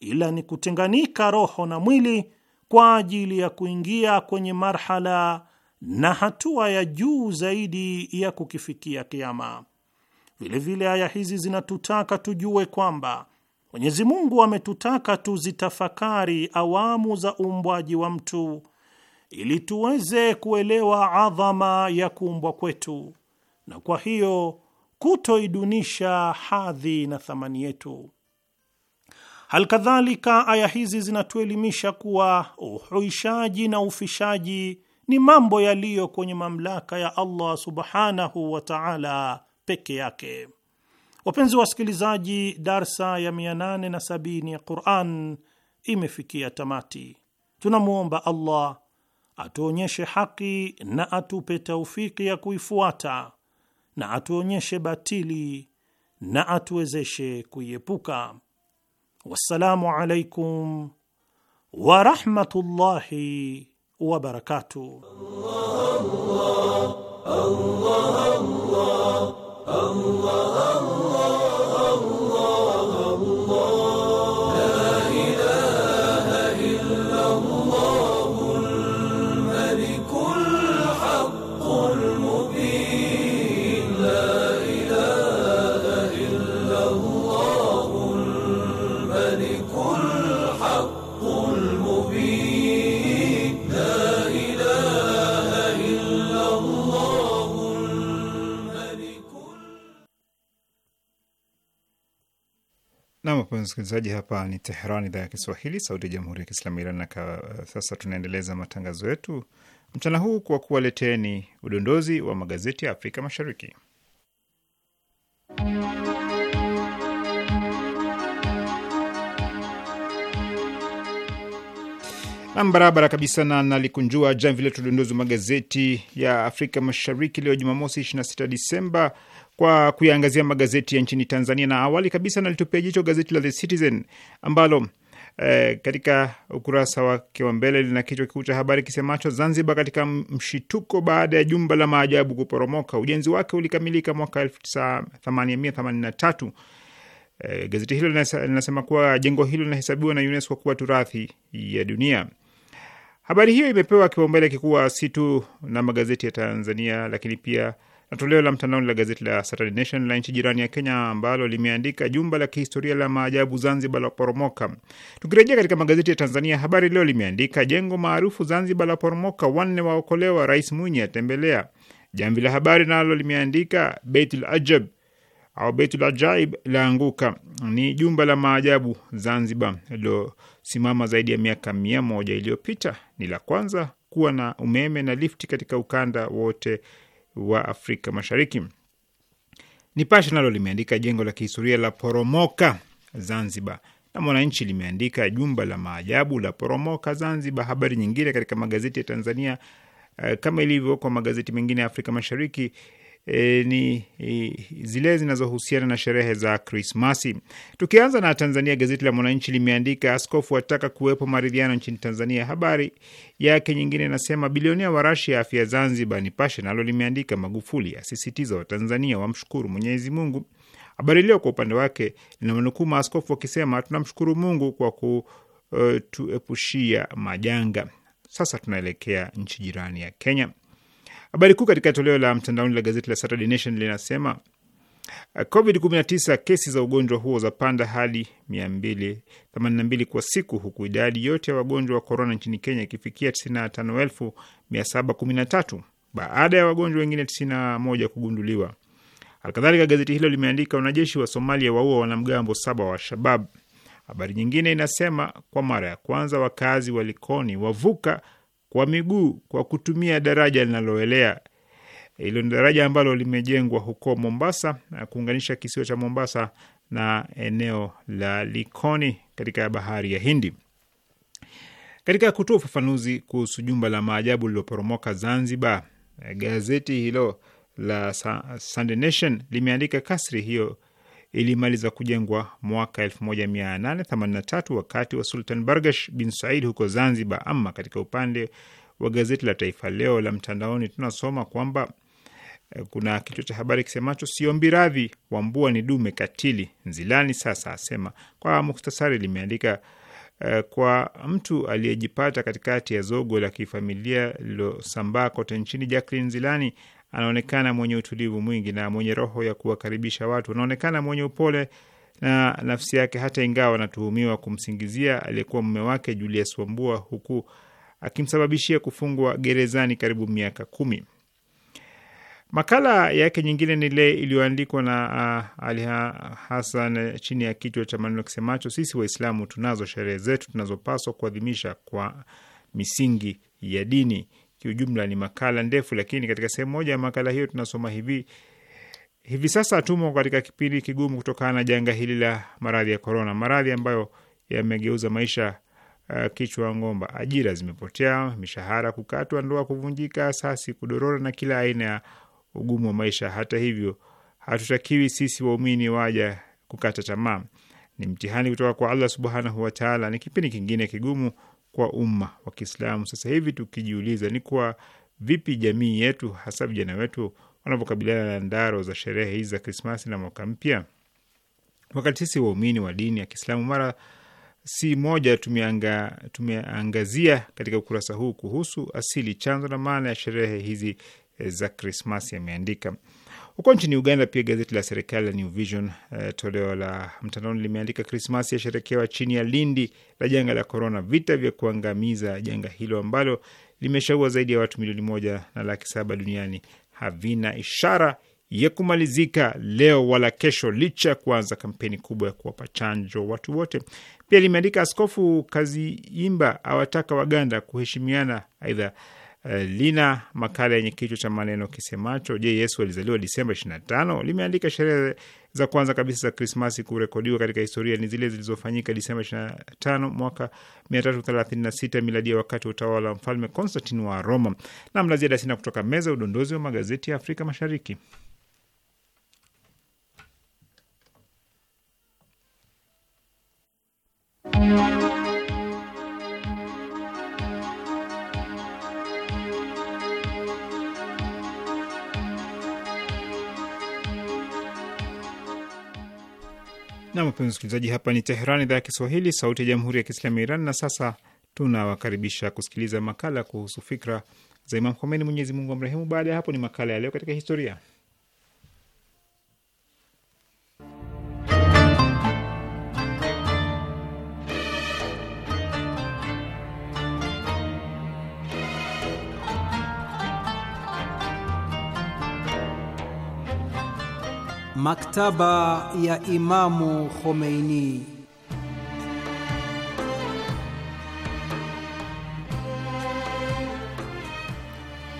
ila ni kutenganika roho na mwili kwa ajili ya kuingia kwenye marhala na hatua ya juu zaidi ya kukifikia kiama. Vilevile aya hizi zinatutaka tujue kwamba Mwenyezi Mungu ametutaka tuzitafakari awamu za uumbwaji wa mtu ili tuweze kuelewa adhama ya kuumbwa kwetu na kwa hiyo kutoidunisha hadhi na thamani yetu. Halkadhalika, aya hizi zinatuelimisha kuwa uhuishaji na ufishaji ni mambo yaliyo kwenye mamlaka ya Allah subhanahu wa ta'ala peke yake. Wapenzi wa wasikilizaji, darsa ya 870 ya Quran imefikia tamati. Tunamwomba Allah atuonyeshe haki na atupe taufiki ya kuifuata na atuonyeshe batili na atuwezeshe kuiepuka. Wassalamu alaikum warahmatullahi wabarakatuh. Allah, Allah, Allah, Allah. Allah, Allah, Allah. Wapenzi msikilizaji, hapa ni Teheran, idhaa ya Kiswahili, sauti ya jamhuri ya kiislamu Iran. Na sasa tunaendeleza matangazo yetu mchana huu kwa kuwaleteni udondozi wa magazeti ya Afrika Mashariki. Nam barabara kabisa na nalikunjua jamvi letu udondozi wa magazeti ya Afrika Mashariki leo Jumamosi 26 Disemba kwa kuyaangazia magazeti ya nchini Tanzania, na awali kabisa nalitupia jicho gazeti la The Citizen ambalo eh, katika ukurasa wake wa mbele lina kichwa kikuu cha habari kisemacho Zanzibar katika mshituko baada ya jumba la maajabu kuporomoka. Ujenzi wake ulikamilika mwaka 1883. Eh, gazeti hilo linasema kuwa jengo hilo linahesabiwa na UNESCO kuwa turathi ya dunia. Habari hiyo imepewa kipaumbele kikubwa si tu na magazeti ya Tanzania, lakini pia na toleo la mtandaoni la gazeti la Saturday Nation la nchi jirani ya Kenya ambalo limeandika jumba la kihistoria la maajabu Zanzibar la poromoka. Tukirejea katika magazeti ya Tanzania, Habari Leo limeandika jengo maarufu Zanzibar la poromoka, wanne waokolewa, Rais Mwinyi atembelea. Jamvi la Habari nalo limeandika Beitul Ajab au Beitul Ajaib laanguka. Ni jumba la maajabu Zanzibar lilosimama zaidi ya miaka mia moja iliyopita. Ni la kwanza kuwa na umeme na lifti katika ukanda wote wa Afrika Mashariki. Nipashe nalo limeandika jengo la kihistoria la poromoka Zanzibar, na Mwananchi limeandika jumba la maajabu la poromoka Zanzibar. Habari nyingine katika magazeti ya Tanzania eh, kama ilivyo kwa magazeti mengine ya Afrika Mashariki e, ni e, zile zinazohusiana na sherehe za Krismasi. Tukianza na Tanzania, gazeti la Mwananchi limeandika askofu ataka kuwepo maridhiano nchini Tanzania. Habari yake nyingine inasema bilionea wa Rasia afya Zanzibar. Nipashe nalo limeandika Magufuli asisitiza Watanzania wamshukuru Mwenyezi Mungu. Habari Leo kwa upande wake linamnukuu maaskofu wakisema tunamshukuru Mungu kwa kutuepushia e, majanga. Sasa tunaelekea nchi jirani ya Kenya. Habari kuu katika toleo la mtandaoni la gazeti la Saturday Nation linasema COVID-19 kesi za ugonjwa huo za panda hadi 282 kwa siku, huku idadi yote ya wagonjwa wa korona nchini Kenya ikifikia 95713 baada ya wagonjwa wengine 91 kugunduliwa. Halikadhalika, gazeti hilo limeandika wanajeshi wa Somalia waua wanamgambo saba wa Shabab. Habari nyingine inasema kwa mara ya kwanza wakazi wa Likoni wavuka kwa miguu kwa kutumia daraja linaloelea. Hilo ni daraja ambalo limejengwa huko Mombasa na kuunganisha kisiwa cha Mombasa na eneo la Likoni katika bahari ya Hindi. Katika kutoa ufafanuzi kuhusu jumba la maajabu lililoporomoka Zanzibar, gazeti hilo la Sunday Nation limeandika kasri hiyo ilimaliza kujengwa mwaka 1883 wakati wa Sultan Bargash bin Said huko Zanzibar. Ama katika upande wa gazeti la Taifa Leo la mtandaoni tunasoma kwamba eh, kuna kichwa cha habari kisemacho siombi radhi, Wambua ni dume katili nzilani sasa asema. Kwa muktasari, limeandika eh, kwa mtu aliyejipata katikati ya zogo la kifamilia lilosambaa kote nchini, Jacqueline Nzilani anaonekana mwenye utulivu mwingi na mwenye roho ya kuwakaribisha watu. Anaonekana mwenye upole na nafsi yake, hata ingawa anatuhumiwa kumsingizia aliyekuwa mume wake Julius Wambua, huku akimsababishia kufungwa gerezani karibu miaka kumi. Makala yake nyingine ni ile iliyoandikwa na uh, Ali Hasan chini ya kichwa cha maneno kisemacho sisi Waislamu tunazo sherehe zetu tunazopaswa kuadhimisha kwa misingi ya dini. Kiujumla ni makala ndefu, lakini katika sehemu moja ya makala hiyo tunasoma hivi: hivi sasa tumo katika kipindi kigumu kutokana na janga hili la maradhi ya korona, maradhi ambayo yamegeuza maisha uh, kichwa ngomba. Ajira zimepotea, mishahara kukatwa, ndoa kuvunjika, asasi kudorora na kila aina ya ugumu wa maisha. Hata hivyo, hatutakiwi sisi waumini waja kukata tamaa. Ni mtihani kutoka kwa Allah subhanahu wataala, ni kipindi kingine kigumu kwa umma wa Kiislamu. Sasa hivi tukijiuliza ni kwa vipi jamii yetu hasa vijana wetu wanavyokabiliana na ndaro za sherehe hizi za Krismasi na mwaka mpya, wakati sisi waumini wa dini ya Kiislamu mara si moja tumeanga, tumeangazia katika ukurasa huu kuhusu asili, chanzo na maana ya sherehe hizi za Krismasi, yameandika huko nchini Uganda pia gazeti la serikali la New Vision eh, toleo la mtandaoni limeandika Krismasi yasherekewa chini ya lindi la janga la korona, vita vya kuangamiza janga hilo ambalo limeshaua zaidi ya watu milioni moja na laki saba duniani havina ishara ya kumalizika leo wala kesho, licha ya kuanza kampeni kubwa ya kuwapa chanjo watu wote. Pia limeandika Askofu Kaziimba awataka Waganda kuheshimiana. Aidha Eh, lina makala yenye kichwa cha maneno kisemacho, Je, Yesu alizaliwa Disemba 25? Limeandika sherehe za kwanza kabisa za Krismasi kurekodiwa katika historia ni zile zilizofanyika Disemba 25 mwaka 336 ya wakati wa utawala wa mfalme Konstantin wa Roma. Na mlaziada sina kutoka meza udondozi wa magazeti ya Afrika Mashariki. Na wapenzi msikilizaji, hapa ni teheran idhaa ya Kiswahili, sauti ya jamhuri ya kiislamu ya Iran. Na sasa tunawakaribisha kusikiliza makala kuhusu fikra za Imam Khomeini, Mwenyezi Mungu amrehemu. Baada ya hapo ni makala ya leo katika historia. Maktaba ya Imamu Khomeini.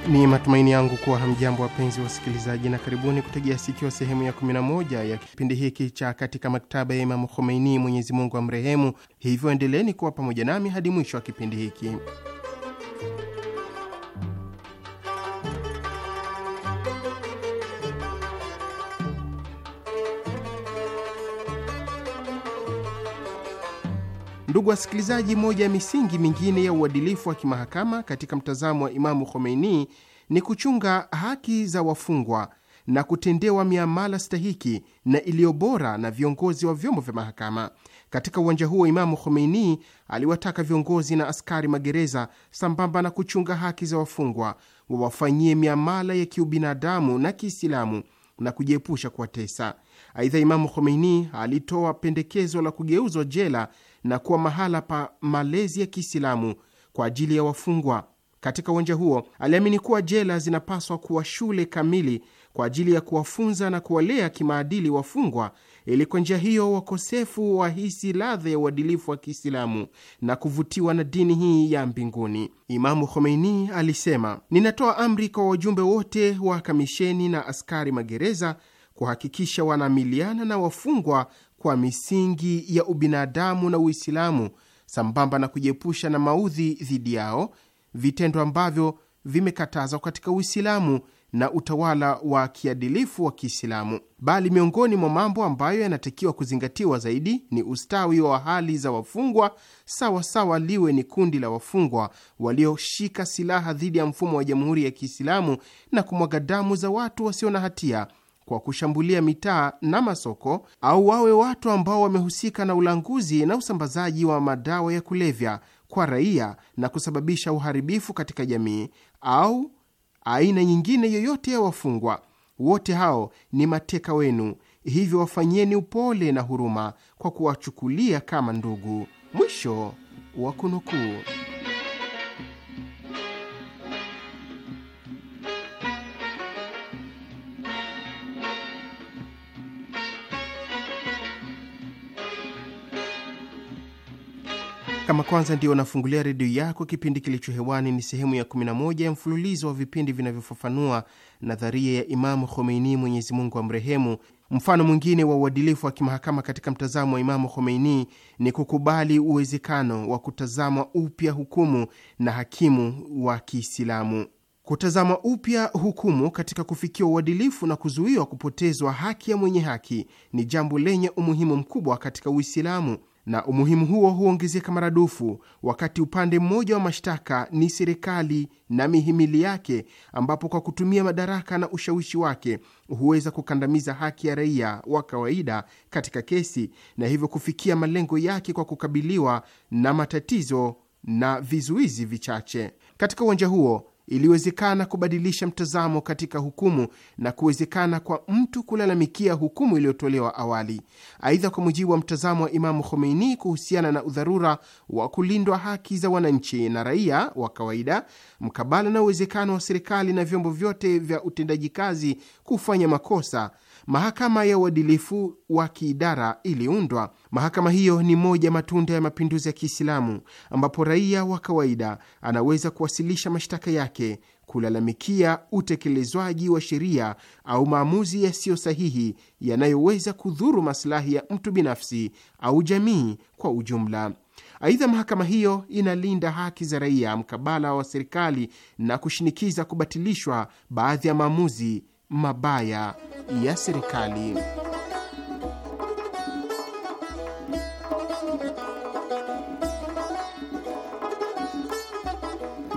Ni matumaini yangu kuwa hamjambo wapenzi wasikilizaji, na karibuni kutegea sikio sehemu ya 11 ya kipindi hiki cha katika maktaba ya Imamu Khomeini, Mwenyezi Mungu amrehemu. Hivyo endeleeni kuwa pamoja nami hadi mwisho wa kipindi hiki. Ndugu wasikilizaji, moja ya misingi mingine ya uadilifu wa kimahakama katika mtazamo wa Imamu Khomeini ni kuchunga haki za wafungwa na kutendewa miamala stahiki na iliyo bora na viongozi wa vyombo vya mahakama. Katika uwanja huo, Imamu Khomeini aliwataka viongozi na askari magereza, sambamba na kuchunga haki za wafungwa, wawafanyie miamala ya kiubinadamu na Kiislamu na kujiepusha kuwatesa. Aidha, Imamu Khomeini alitoa pendekezo la kugeuzwa jela na kuwa mahala pa malezi ya Kiislamu kwa ajili ya wafungwa. Katika uwanja huo, aliamini kuwa jela zinapaswa kuwa shule kamili kwa ajili ya kuwafunza na kuwalea kimaadili wafungwa, ili kwa njia hiyo wakosefu wahisi ladha ya uadilifu wa Kiislamu na kuvutiwa na dini hii ya mbinguni. Imamu Khomeini alisema, ninatoa amri kwa wajumbe wote wa kamisheni na askari magereza kuhakikisha wanaamiliana na wafungwa kwa misingi ya ubinadamu na Uislamu sambamba na kujiepusha na maudhi dhidi yao, vitendo ambavyo vimekatazwa katika Uislamu na utawala wa kiadilifu wa Kiislamu. Bali miongoni mwa mambo ambayo yanatakiwa kuzingatiwa zaidi ni ustawi wa hali za wafungwa, sawa sawa liwe ni kundi la wafungwa walioshika silaha dhidi ya mfumo wa Jamhuri ya Kiislamu na kumwaga damu za watu wasio na hatia kwa kushambulia mitaa na masoko, au wawe watu ambao wamehusika na ulanguzi na usambazaji wa madawa ya kulevya kwa raia na kusababisha uharibifu katika jamii, au aina nyingine yoyote ya wafungwa, wote hao ni mateka wenu, hivyo wafanyeni upole na huruma kwa kuwachukulia kama ndugu. Mwisho wa kunukuu. Kama kwanza ndio unafungulia redio yako, kipindi kilicho hewani ni sehemu ya 11 ya mfululizo wa vipindi vinavyofafanua nadharia ya Imamu Khomeini, Mwenyezi Mungu amrehemu. Mfano mwingine wa uadilifu wa kimahakama katika mtazamo wa Imamu Khomeini ni kukubali uwezekano wa kutazama upya hukumu na hakimu wa Kiislamu. Kutazama upya hukumu katika kufikia uadilifu na kuzuiwa kupotezwa haki ya mwenye haki ni jambo lenye umuhimu mkubwa katika Uislamu na umuhimu huo huongezeka maradufu wakati upande mmoja wa mashtaka ni serikali na mihimili yake, ambapo kwa kutumia madaraka na ushawishi wake huweza kukandamiza haki ya raia wa kawaida katika kesi, na hivyo kufikia malengo yake kwa kukabiliwa na matatizo na vizuizi vichache. Katika uwanja huo iliwezekana kubadilisha mtazamo katika hukumu na kuwezekana kwa mtu kulalamikia hukumu iliyotolewa awali. Aidha, kwa mujibu wa mtazamo wa Imamu Khomeini kuhusiana na udharura wa kulindwa haki za wananchi na raia wa kawaida, mkabala na uwezekano wa serikali na vyombo vyote vya utendaji kazi kufanya makosa mahakama ya uadilifu wa kiidara iliundwa. Mahakama hiyo ni moja matunda ya mapinduzi ya Kiislamu, ambapo raia wa kawaida anaweza kuwasilisha mashtaka yake, kulalamikia utekelezwaji wa sheria au maamuzi yasiyo sahihi yanayoweza kudhuru masilahi ya mtu binafsi au jamii kwa ujumla. Aidha, mahakama hiyo inalinda haki za raia mkabala wa serikali na kushinikiza kubatilishwa baadhi ya maamuzi mabaya ya serikali.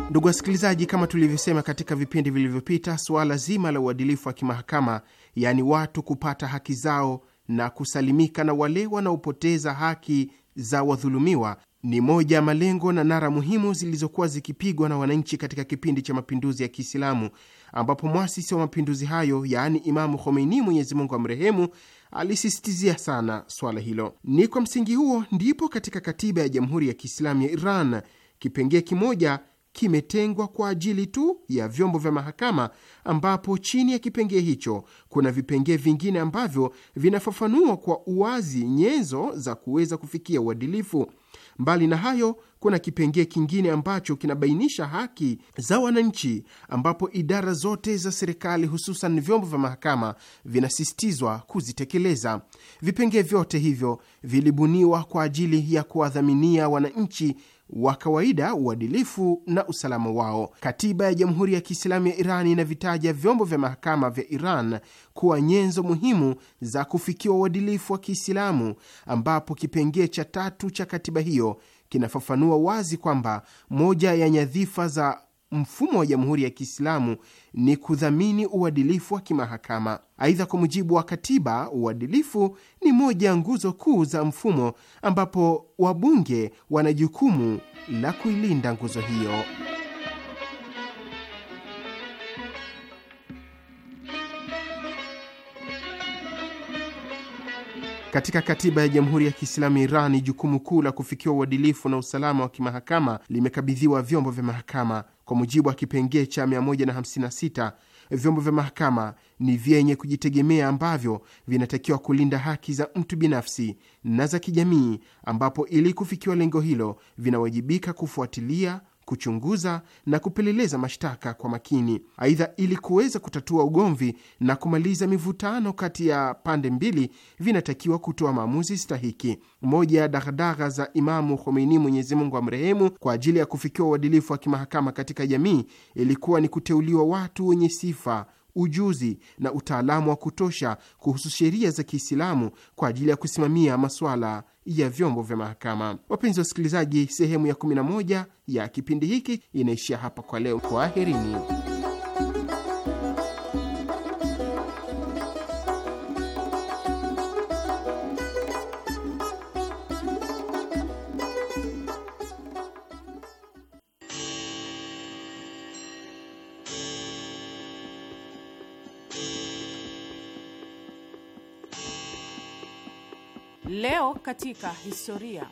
Ndugu wasikilizaji, kama tulivyosema katika vipindi vilivyopita, suala zima la uadilifu wa kimahakama, yaani watu kupata haki zao na kusalimika na wale wanaopoteza haki za wadhulumiwa ni moja ya malengo na nara muhimu zilizokuwa zikipigwa na wananchi katika kipindi cha mapinduzi ya Kiislamu, ambapo mwasisi wa mapinduzi hayo, yaani Imamu Khomeini, Mwenyezi Mungu amrehemu, alisisitizia sana swala hilo. Ni kwa msingi huo ndipo katika katiba ya Jamhuri ya Kiislamu ya Iran kipengee kimoja kimetengwa kwa ajili tu ya vyombo vya mahakama, ambapo chini ya kipengee hicho kuna vipengee vingine ambavyo vinafafanua kwa uwazi nyenzo za kuweza kufikia uadilifu. Mbali na hayo, kuna kipengee kingine ambacho kinabainisha haki za wananchi, ambapo idara zote za serikali, hususan vyombo vya mahakama, vinasisitizwa kuzitekeleza. Vipengee vyote hivyo vilibuniwa kwa ajili ya kuwadhaminia wananchi wa kawaida, uadilifu na usalama wao. Katiba ya Jamhuri ya Kiislamu ya Iran inavitaja vyombo vya mahakama vya Iran kuwa nyenzo muhimu za kufikiwa uadilifu wa Kiislamu, ambapo kipengee cha tatu cha katiba hiyo kinafafanua wazi kwamba moja ya nyadhifa za mfumo wa Jamhuri ya Kiislamu ni kudhamini uadilifu wa kimahakama. Aidha, kwa mujibu wa katiba, uadilifu ni moja ya nguzo kuu za mfumo, ambapo wabunge wana jukumu la kuilinda nguzo hiyo. Katika katiba ya Jamhuri ya Kiislamu Irani, jukumu kuu la kufikiwa uadilifu na usalama wa kimahakama limekabidhiwa vyombo vya mahakama. Kwa mujibu wa kipengee cha 156 vyombo vya mahakama ni vyenye kujitegemea ambavyo vinatakiwa kulinda haki za mtu binafsi na za kijamii, ambapo ili kufikiwa lengo hilo vinawajibika kufuatilia kuchunguza na kupeleleza mashtaka kwa makini. Aidha, ili kuweza kutatua ugomvi na kumaliza mivutano kati ya pande mbili, vinatakiwa kutoa maamuzi stahiki. Moja ya daghdagha za Imamu Khomeini, Mwenyezi Mungu amrehemu, kwa ajili ya kufikiwa uadilifu wa kimahakama katika jamii ilikuwa ni kuteuliwa watu wenye sifa ujuzi na utaalamu wa kutosha kuhusu sheria za Kiislamu kwa ajili ya kusimamia masuala ya vyombo vya mahakama. Wapenzi wa wasikilizaji, sehemu ya 11 ya kipindi hiki inaishia hapa kwa leo. Kwaherini. Leo katika historia.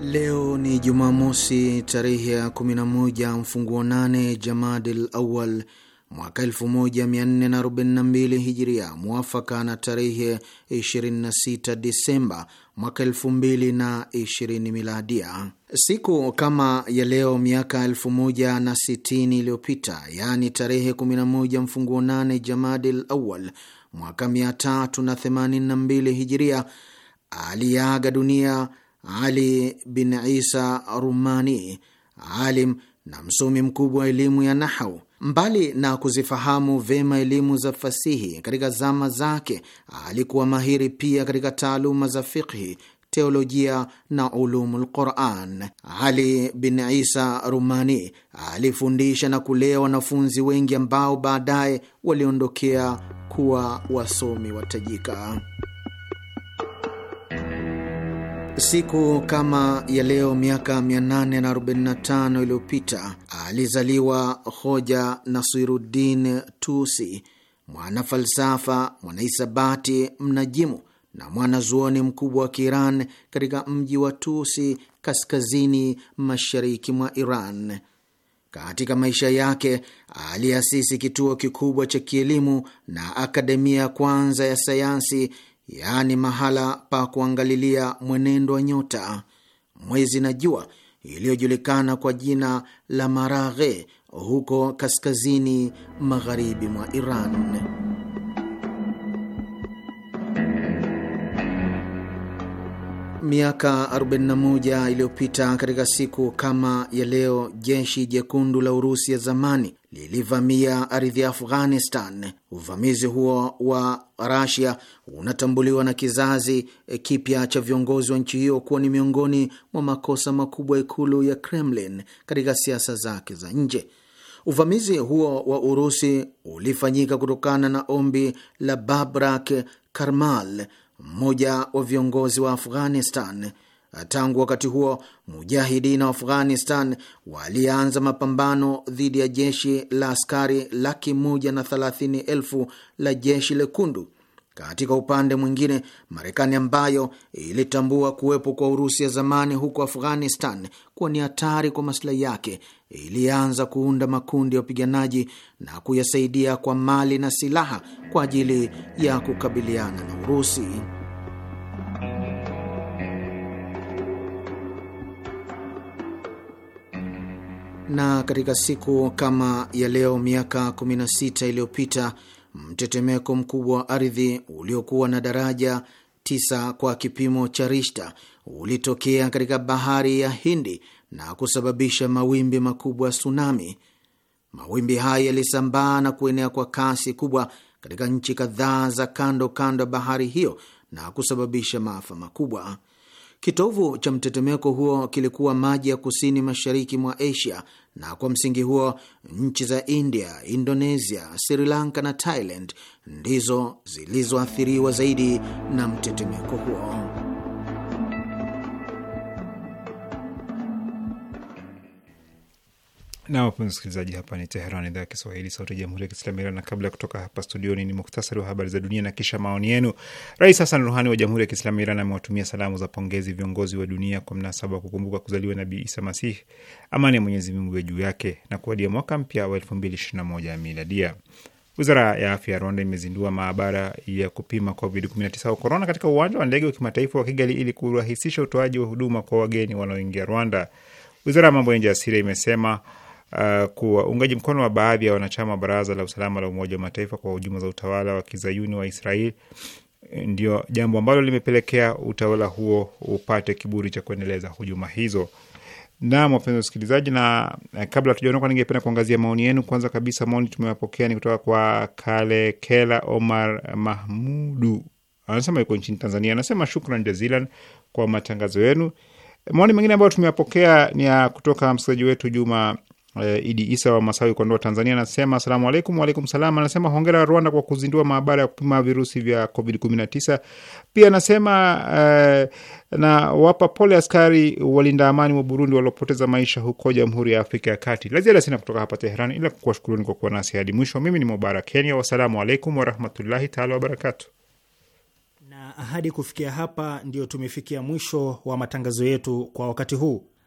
Leo ni Jumamosi tarehe ya 11 mfunguo 8 Jamadil Awal mwaka 1442 Hijiria, mwafaka na tarehe 26 Disemba mwaka 2020 Miladia. Siku kama ya leo miaka 1060 iliyopita, yaani tarehe 11 mfunguo 8 Jamadil Awal mwaka 382 hijiria aliaga dunia Ali bin Isa Rumani, alim na msomi mkubwa wa elimu ya nahau. Mbali na kuzifahamu vyema elimu za fasihi katika zama zake, alikuwa mahiri pia katika taaluma za fikhi teolojia na ulumul Quran. Ali bin Isa Rumani alifundisha na kulea wanafunzi wengi ambao baadaye waliondokea kuwa wasomi watajika. Siku kama ya leo miaka 845 iliyopita alizaliwa hoja Nasiruddin Tusi, mwana falsafa, mwanahisabati, mnajimu na mwanazuoni mkubwa wa Kiiran katika mji wa Tusi kaskazini mashariki mwa Iran. Katika maisha yake aliasisi kituo kikubwa cha kielimu na akademia ya kwanza ya sayansi, yaani mahala pa kuangalilia mwenendo wa nyota, mwezi na jua, iliyojulikana kwa jina la Maraghe huko kaskazini magharibi mwa Iran. Miaka 41 iliyopita katika siku kama ya leo, jeshi jekundu la Urusi ya zamani lilivamia ardhi ya Afghanistan. Uvamizi huo wa Rasia unatambuliwa na kizazi kipya cha viongozi wa nchi hiyo kuwa ni miongoni mwa makosa makubwa ikulu ya Kremlin katika siasa zake za nje. Uvamizi huo wa Urusi ulifanyika kutokana na ombi la Babrak Karmal, mmoja wa viongozi wa Afghanistan. Tangu wakati huo mujahidina wa Afghanistan walianza mapambano dhidi ya jeshi la askari laki moja na thelathini elfu la jeshi lekundu katika upande mwingine, Marekani ambayo ilitambua kuwepo kwa Urusi ya zamani huko Afghanistan kuwa ni hatari kwa masilahi yake, ilianza kuunda makundi ya wapiganaji na kuyasaidia kwa mali na silaha kwa ajili ya kukabiliana na Urusi. Na katika siku kama ya leo miaka 16 iliyopita mtetemeko mkubwa wa ardhi uliokuwa na daraja tisa kwa kipimo cha Rishta ulitokea katika bahari ya Hindi na kusababisha mawimbi makubwa ya tsunami. Mawimbi haya yalisambaa na kuenea kwa kasi kubwa katika nchi kadhaa za kando kando ya bahari hiyo na kusababisha maafa makubwa. Kitovu cha mtetemeko huo kilikuwa maji ya kusini mashariki mwa Asia, na kwa msingi huo nchi za India, Indonesia, Sri Lanka na Thailand ndizo zilizoathiriwa zaidi na mtetemeko huo. Na wapenzi msikilizaji, hapa ni Teheran, idhaa ya Kiswahili, sauti ya jamhuri ya kiislamu Iran. Na kabla ya kutoka hapa studioni, ni muktasari wa habari za dunia na kisha maoni yenu. Rais Hasan Ruhani wa Jamhuri ya Kiislamu Iran amewatumia salamu za pongezi viongozi wa dunia kwa mnasaba wa kukumbuka kuzaliwa Nabii Isa Masih, amani ya Mwenyezi Mungu ya juu yake, na kuadia mwaka mpya wa elfu mbili ishirini na moja miladia. Wizara ya afya ya Rwanda imezindua maabara ya kupima COVID-19 wa korona katika uwanja wa ndege wa kimataifa wa Kigali ili kurahisisha utoaji wa huduma kwa wageni wanaoingia Rwanda. Wizara ya mambo ya nje ya Siria imesema uh, kuwa uungaji mkono wa baadhi ya wanachama wa baraza la usalama la Umoja wa Mataifa kwa hujuma za utawala wa kizayuni wa Israeli ndio jambo ambalo limepelekea utawala huo upate kiburi cha kuendeleza hujuma hizo. Naam, wapenzi wasikilizaji, na eh, kabla tujaondoka, ningependa kuangazia maoni yenu. Kwanza kabisa, maoni tumewapokea ni kutoka kwa Kalekela Omar Mahmudu, anasema yuko nchini Tanzania, anasema shukran jazilan kwa matangazo yenu. Maoni mengine ambayo tumewapokea ni ya kutoka msikilizaji wetu Juma Eh, Idi Isa wa Masawi, Kondoa, Tanzania anasema asalamu alaikum. Waalaikum salam. Anasema hongera ya Rwanda kwa kuzindua maabara ya kupima virusi vya Covid 19. Pia anasema uh, na wapa pole askari walinda amani wa Burundi waliopoteza maisha huko Jamhuri ya Afrika ya Kati. La ziada sina kutoka hapa Teheran ila kuwashukuruni kwa kuwa nasi hadi mwisho. Mimi ni Mubarak Kenya, wassalamu alaikum warahmatullahi taala wabarakatu. Na hadi kufikia hapa, ndio tumefikia mwisho wa matangazo yetu kwa wakati huu.